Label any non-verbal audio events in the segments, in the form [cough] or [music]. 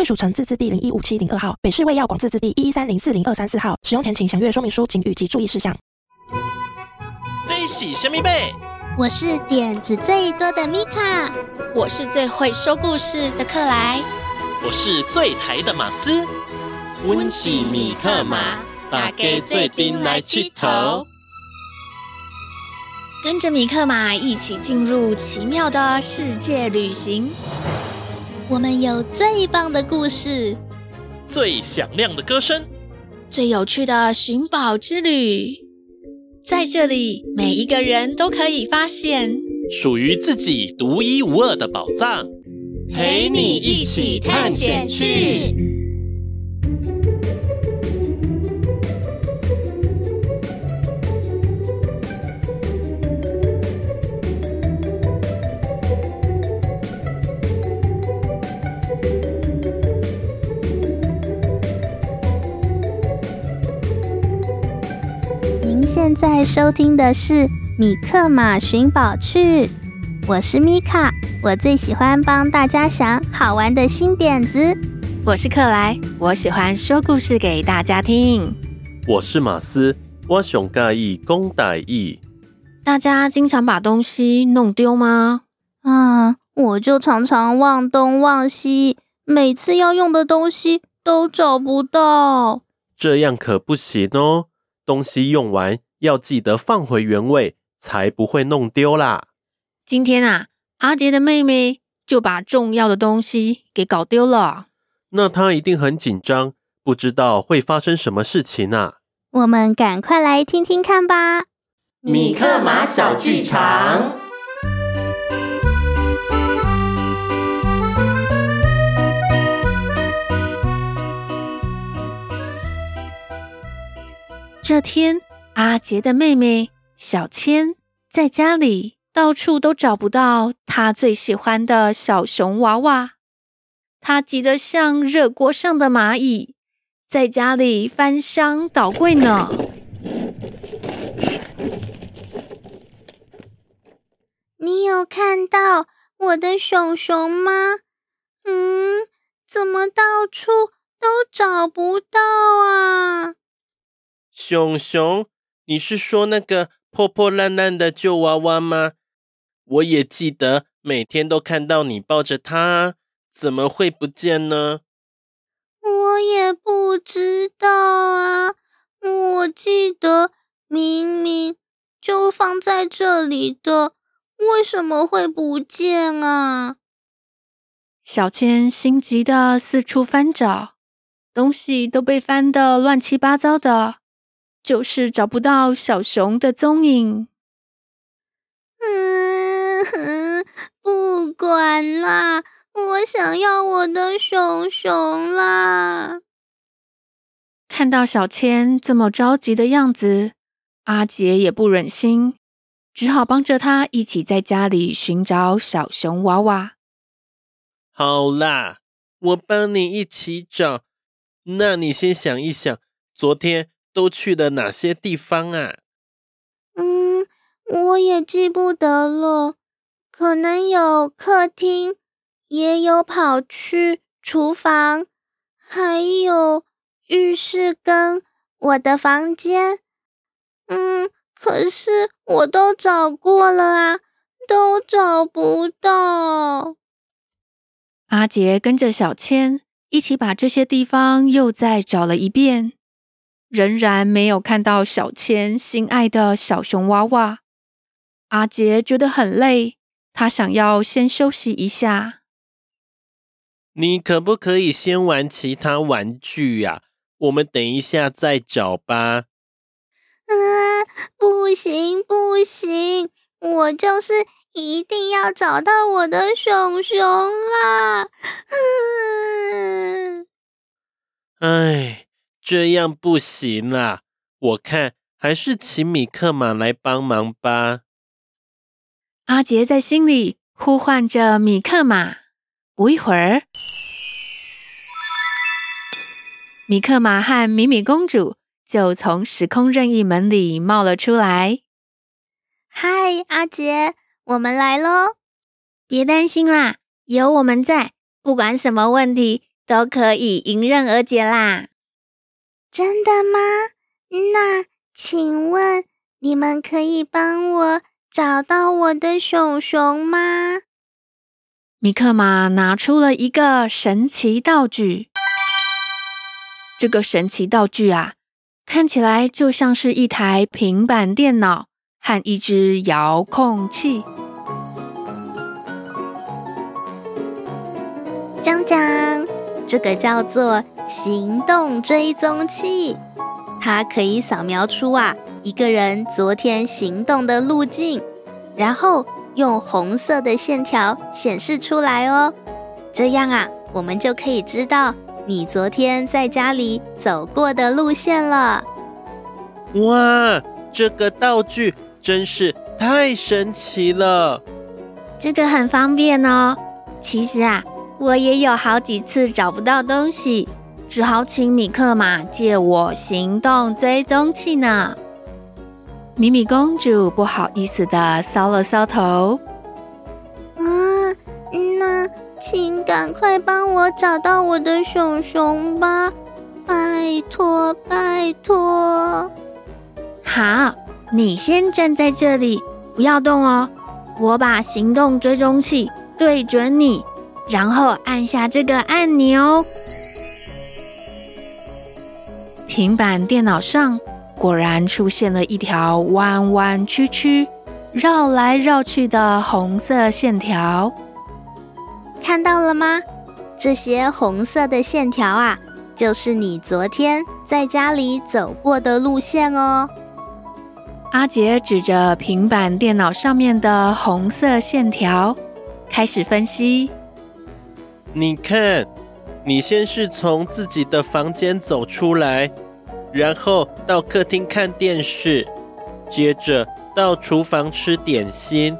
瑞屬城字第零一五七零二號，北市衛藥廣字第一一三零四零二三四號。使用前請詳閱說明書警語及注意事項。真喜蝦米貝，我是點子最多的米卡，我是最會說故事的克萊，我是最台的馬斯。我喜米克馬，大家最邊來七頭，跟着米克馬一起進入奇妙的世界旅行。我們有最棒的故事，最響亮的歌聲，最有趣的尋寶之旅，在這裡，每一個人都可以發現屬於自己獨一無二的寶藏，陪你一起探險去。現在收聽的是《米克馬尋寶趣》，我是米卡，我最喜歡幫大家想好玩的新點子。我是克萊，我喜歡說故事給大家聽。我是馬斯，我上蓋愛講台語。大家經常把東西弄丟嗎？啊，我就常常忘東忘西，每次要用的東西都找不到。這樣可不行哦，東西用完。要記得放回原位，才不會弄丟啦。今天啊，阿傑的妹妹就把重要的東西給搞丟了。那她一定很緊張，不知道會發生什麼事情啊。我們趕快來聽聽看吧，《米克馬小劇場》。這天。阿傑的妹妹小千在家裡到處都找不到她最喜歡的小熊娃娃，她急得像熱鍋上的螞蟻，在家裡翻箱倒櫃呢。你有看到我的熊熊嗎？嗯，怎麼到處都找不到啊？熊熊。你是說那個破破爛爛的舊娃娃嗎？我也記得每天都看到你抱着它，怎麼會不見呢？我也不知道啊，我記得明明就放在這裡的，為什麼會不見啊？小千心急的四處翻找，東西都被翻得亂七八糟的。就是找不到小熊的蹤影。嗯哼，不管啦，我想要我的熊熊啦！看到小千這麼着急的樣子，阿傑也不忍心，只好幫着她一起在家裡尋找小熊娃娃。好啦，我幫你一起找。那你先想一想，昨天。都去了哪些地方啊？嗯，我也記不得了，可能有客廳，也有跑去廚房，還有浴室跟我的房間。嗯，可是我都找過了啊，都找不到。阿傑跟着小千一起把這些地方又再找了一遍。仍然沒有看到小千心愛的小熊娃娃，阿傑覺得很累，他想要先休息一下。你可不可以先玩其他玩具呀、啊？我們等一下再找吧。啊、呃，不行不行，我就是一定要找到我的熊熊啦！嗯、唉。這樣不行啦、啊！我看還是請米克馬來幫忙吧。阿杰在心裡呼喚着米克馬，不一會兒，米克馬和米米公主就從時空任意門裡冒了出來。“嗨，阿杰，我們來嘍！”別擔心啦，有我們在，不管什麼問題都可以迎刃而解啦。真的嗎？那請問你們可以幫我找到我的熊熊嗎？米克馬拿出了一個神奇道具，這個神奇道具啊，看起來就像是一台平板電腦和一支遙控器。鏘鏘，這個叫做。行動追蹤器，它可以掃描出啊一個人昨天行動的路徑，然後用紅色的線條顯示出來哦。這樣啊，我們就可以知道你昨天在家裡走過的路線了。哇，這個道具真是太神奇了！這個很方便哦。其實啊，我也有好幾次找不到東西。只好請米克馬借我行動追蹤器呢。米米公主不好意思地搔了搔頭。啊，那請趕快幫我找到我的熊熊吧，拜托拜托。好，你先站在這裡，不要動哦。我把行動追蹤器對準你，然後按下這個按鈕哦。平板電腦上果然出現了一條彎彎曲曲、繞來繞去的紅色線條，看到了嗎？這些紅色的線條啊，就是你昨天在家裡走過的路線哦。阿傑指着平板電腦上面的紅色線條，開始分析：“你看。”你先是從自己的房間走出來，然後到客廳看電視，接着到廚房吃點心，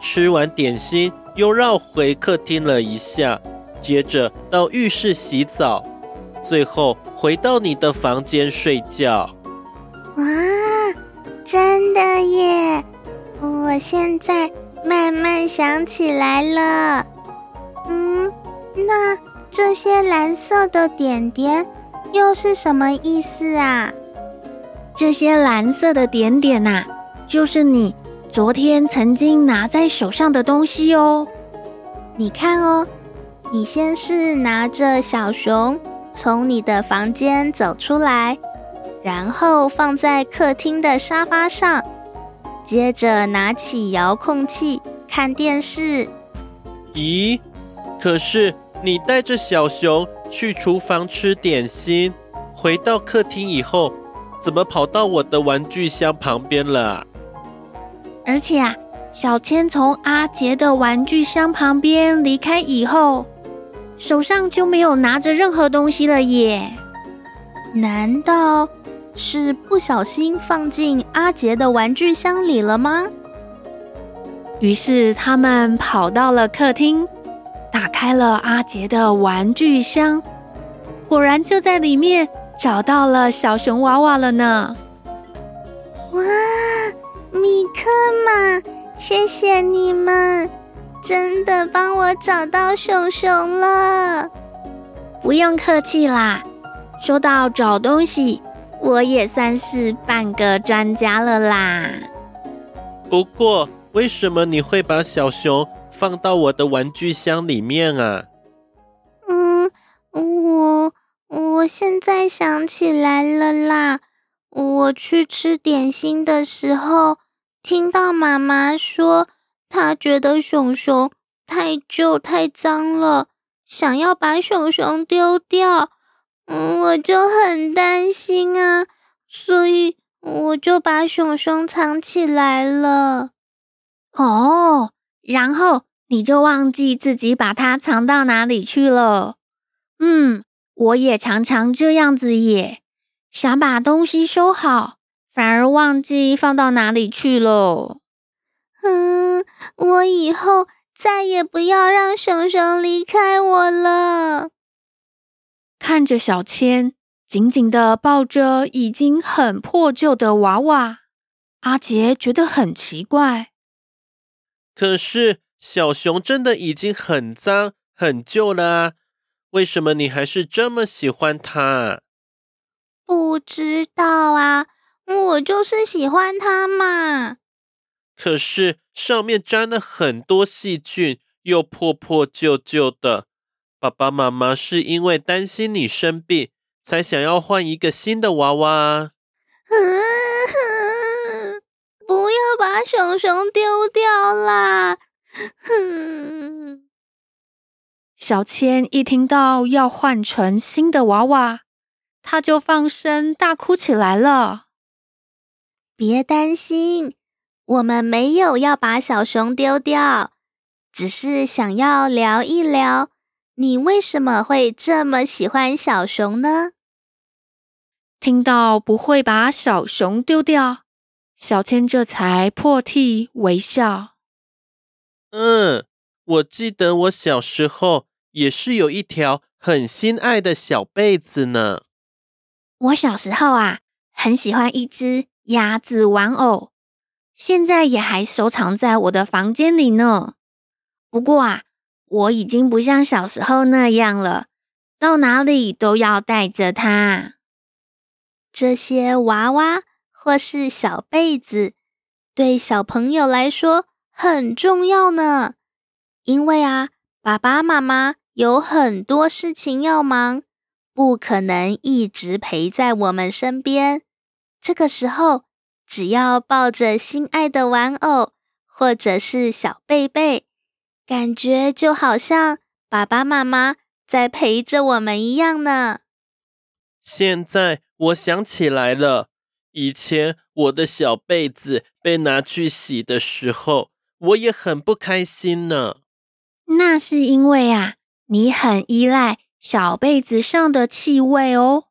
吃完點心又繞回客廳了一下，接着到浴室洗澡，最後回到你的房間睡覺。哇，真的耶！我現在慢慢想起來了。嗯，那。這些藍色的點點又是什麼意思啊？這些藍色的點點吶，就是你昨天曾經拿在手上的東西哦。你看哦，你先是拿着小熊從你的房間走出來，然後放在客廳的沙發上，接着拿起遙控器看電視。咦，可是。你帶着小熊去廚房吃點心，回到客廳以後，怎麼跑到我的玩具箱旁邊了？而且啊，小千從阿杰的玩具箱旁邊離開以後，手上就沒有拿着任何東西了耶。難道是不小心放進阿杰的玩具箱裡了嗎？於是他們跑到了客廳。打開了阿杰的玩具箱，果然就在裡面找到了小熊娃娃了呢！哇，米克馬，謝謝你們，真的幫我找到熊熊了。不用客氣啦，說到找東西，我也算是半個專家了啦。不過，為什麼你會把小熊放到我的玩具箱裡面啊。嗯，我我現在想起來了啦，我去吃點心的時候，聽到媽媽說她覺得熊熊太舊太髒了，想要把熊熊丟掉。嗯，我就很擔心啊，所以我就把熊熊藏起來了。哦，然後。你就忘記自己把它藏到哪裡去了。嗯，我也常常這樣子，也想把東西收好，反而忘記放到哪裡去了。嗯，我以後再也不要讓熊熊離開我了。看着小千緊緊地抱着已經很破舊的娃娃，阿杰覺得很奇怪。可是。小熊真的已經很髒很舊了啊，為什麼你還是這麼喜歡它？不知道啊，我就是喜歡它嘛。可是上面沾了很多細菌，又破破舊舊的。爸爸媽媽是因為擔心你生病，才想要換一個新的娃娃。 [laughs] 不要把小熊熊丟掉啦！哼， [laughs] 小千一聽到要換成新的娃娃，她就放聲大哭起來了。別擔心，我們沒有要把小熊丟掉，只是想要聊一聊，你為什麼會這麼喜歡小熊呢？聽到不會把小熊丟掉，小千這才破涕為笑。嗯，我記得我小時候也是有一條很心愛的小被子呢。我小時候啊，很喜歡一隻鴨子玩偶，現在也還收藏在我的房間裡呢。不過啊，我已經不像小時候那樣了，到哪裡都要帶着它。這些娃娃或是小被子，對小朋友來說，很重要呢，因為啊，爸爸媽媽有很多事情要忙，不可能一直陪在我們身邊。這個時候，只要抱着心愛的玩偶，或者是小貝貝，感覺就好像爸爸媽媽在陪着我們一樣呢。現在我想起來了，以前我的小被子被拿去洗的時候，我也很不開心呢。那是因為啊，你很依賴小被子上的氣味哦。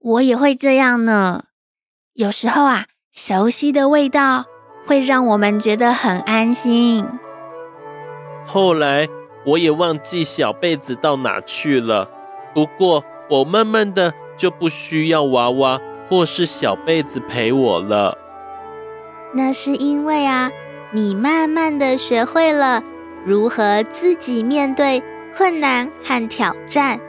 我也會這樣呢。有時候啊，熟悉的味道會讓我們覺得很安心。後來我也忘記小被子到哪去了。不過我慢慢的就不需要娃娃或是小被子陪我了。那是因為啊。你慢慢的學會了如何自己面對困難和挑戰，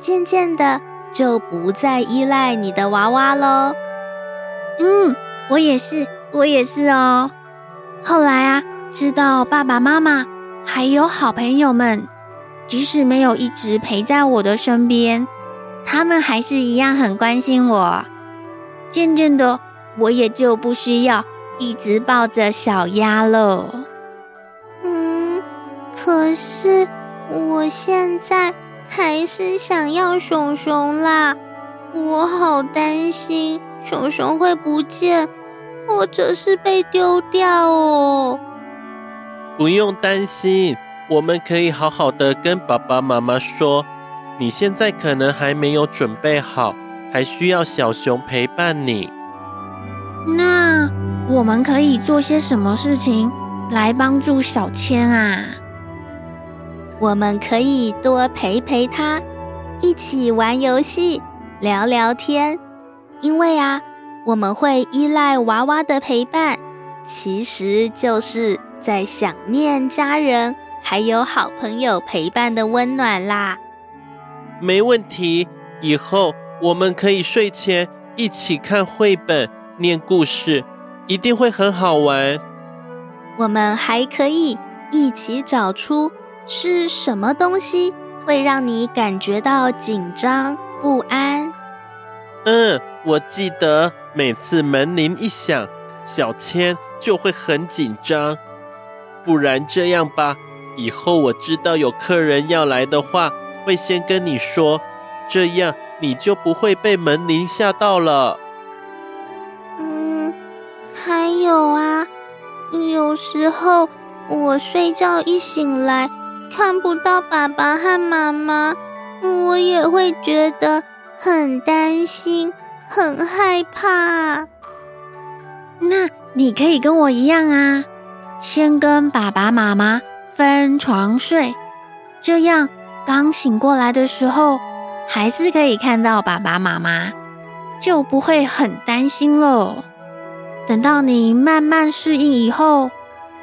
漸漸的就不再依賴你的娃娃嘍。嗯，我也是，我也是哦。後來啊，知道爸爸媽媽還有好朋友們，即使沒有一直陪在我的身邊，他們還是一樣很關心我。漸漸的，我也就不需要。一直抱着小鴨了，嗯，可是我現在還是想要熊熊啦，我好擔心熊熊會不見，或者是被丟掉哦。不用擔心，我們可以好好的跟爸爸媽媽說，你現在可能還沒有準備好，還需要小熊陪伴你。那。我們可以做些什麼事情來幫助小千啊？我們可以多陪陪她，一起玩遊戲、聊聊天。因為啊，我們會依賴娃娃的陪伴，其實就是在想念家人還有好朋友陪伴的溫暖啦。沒問題，以後我們可以睡前一起看繪本、念故事。一定會很好玩。我們還可以一起找出是什麼東西會讓你感覺到緊張不安。嗯，我記得每次門鈴一響，小千就會很緊張。不然這樣吧，以後我知道有客人要來的話，會先跟你說，這樣你就不會被門鈴嚇到了。還有啊，有時候我睡覺一醒來，看不到爸爸和媽媽，我也會覺得很擔心、很害怕。那你可以跟我一樣啊，先跟爸爸媽媽分床睡，這樣剛醒過來的時候，還是可以看到爸爸媽媽，就不會很擔心嘍。等到你慢慢適應以後，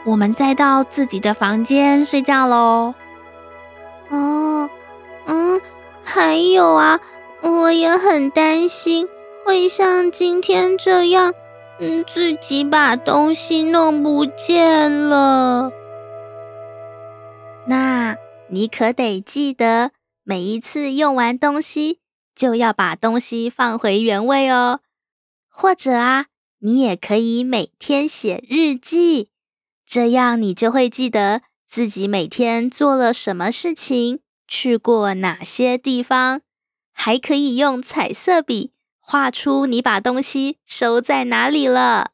我們再到自己的房間睡覺嘍。哦，嗯，還有啊，我也很擔心會像今天這樣，嗯，自己把東西弄不見了。那你可得記得，每一次用完東西，就要把東西放回原位哦，或者啊。你也可以每天寫日記，這樣你就會記得自己每天做了什麼事情，去過哪些地方，還可以用彩色筆畫出你把東西收在哪裡了。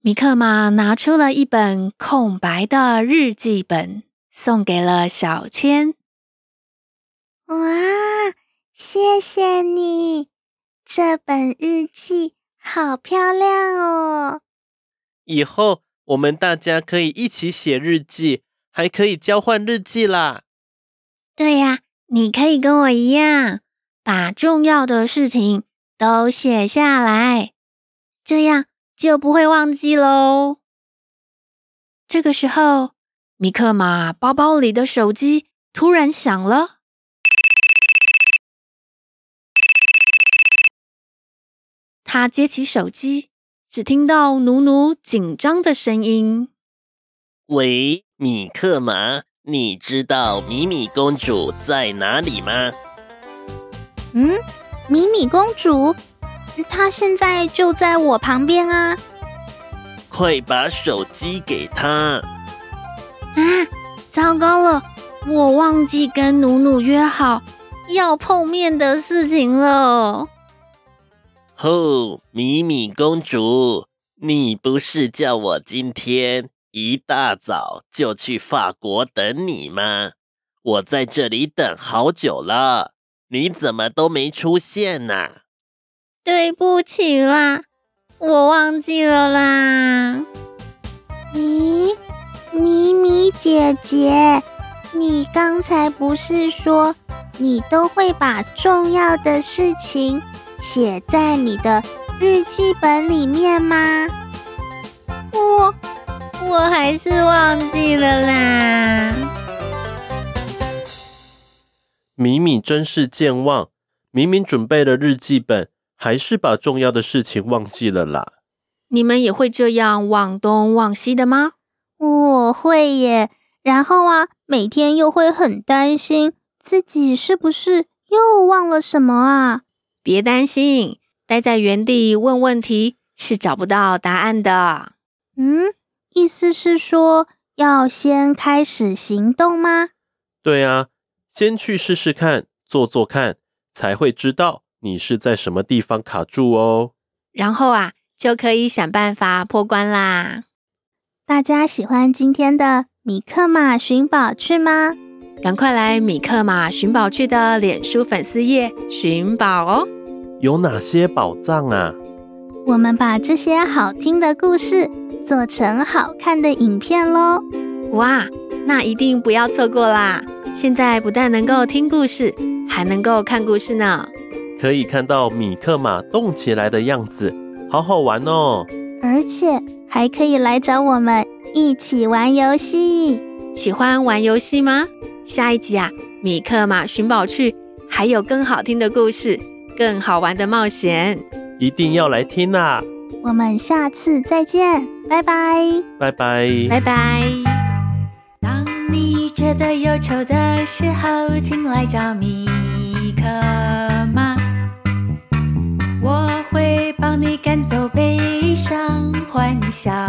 米克馬拿出了一本空白的日記本，送給了小千。哇，謝謝你！這本日記。好漂亮哦！以後我們大家可以一起寫日記，還可以交換日記啦。對呀、啊，你可以跟我一樣，把重要的事情都寫下來，這樣就不會忘記嘍。這個時候，米克馬包包裡的手機突然響了。他接起手機，只聽到努努緊張的聲音：“喂，米克馬，你知道米米公主在哪裡嗎？”“嗯，米米公主，她現在就在我旁邊啊！”“快把手機給她！”“啊，糟糕了，我忘記跟努努約好要碰面的事情了。”哦，米米公主，你不是叫我今天一大早就去法國等你嗎？我在這裡等好久了，你怎麼都沒出現呢？啊？對不起啦，我忘記了啦。咦，米米姐姐，你剛才不是說你都會把重要的事情寫在你的日記本裡面嗎？不，我還是忘記了啦。米米真是健忘，明明準備了日記本，還是把重要的事情忘記了啦。你們也會這樣忘東忘西的嗎？我會耶，然後啊，每天又會很擔心自己是不是又忘了什麼啊。別擔心，待在原地問問題是找不到答案的。嗯，意思是說要先開始行動嗎？對啊，先去試試看，做做看，才會知道你是在什麼地方卡住哦。然後啊，就可以想辦法破關啦。大家喜歡今天的米克瑪尋寶趣嗎？趕快來米克瑪尋寶趣的臉書粉絲頁尋寶哦！有哪些寶藏啊？我們把這些好聽的故事做成好看的影片嘍！哇，那一定不要錯過啦！現在不但能夠聽故事，還能夠看故事呢。可以看到米克馬動起來的樣子，好好玩哦！而且還可以來找我們一起玩遊戲。喜歡玩遊戲嗎？下一集啊，米克馬尋寶趣，還有更好聽的故事。更好玩的冒險，一定要來聽吶、啊，我們下次再見，拜拜，拜拜，拜拜。當你覺得憂愁的時候，請來找米克馬，我會幫你趕走悲傷，歡笑。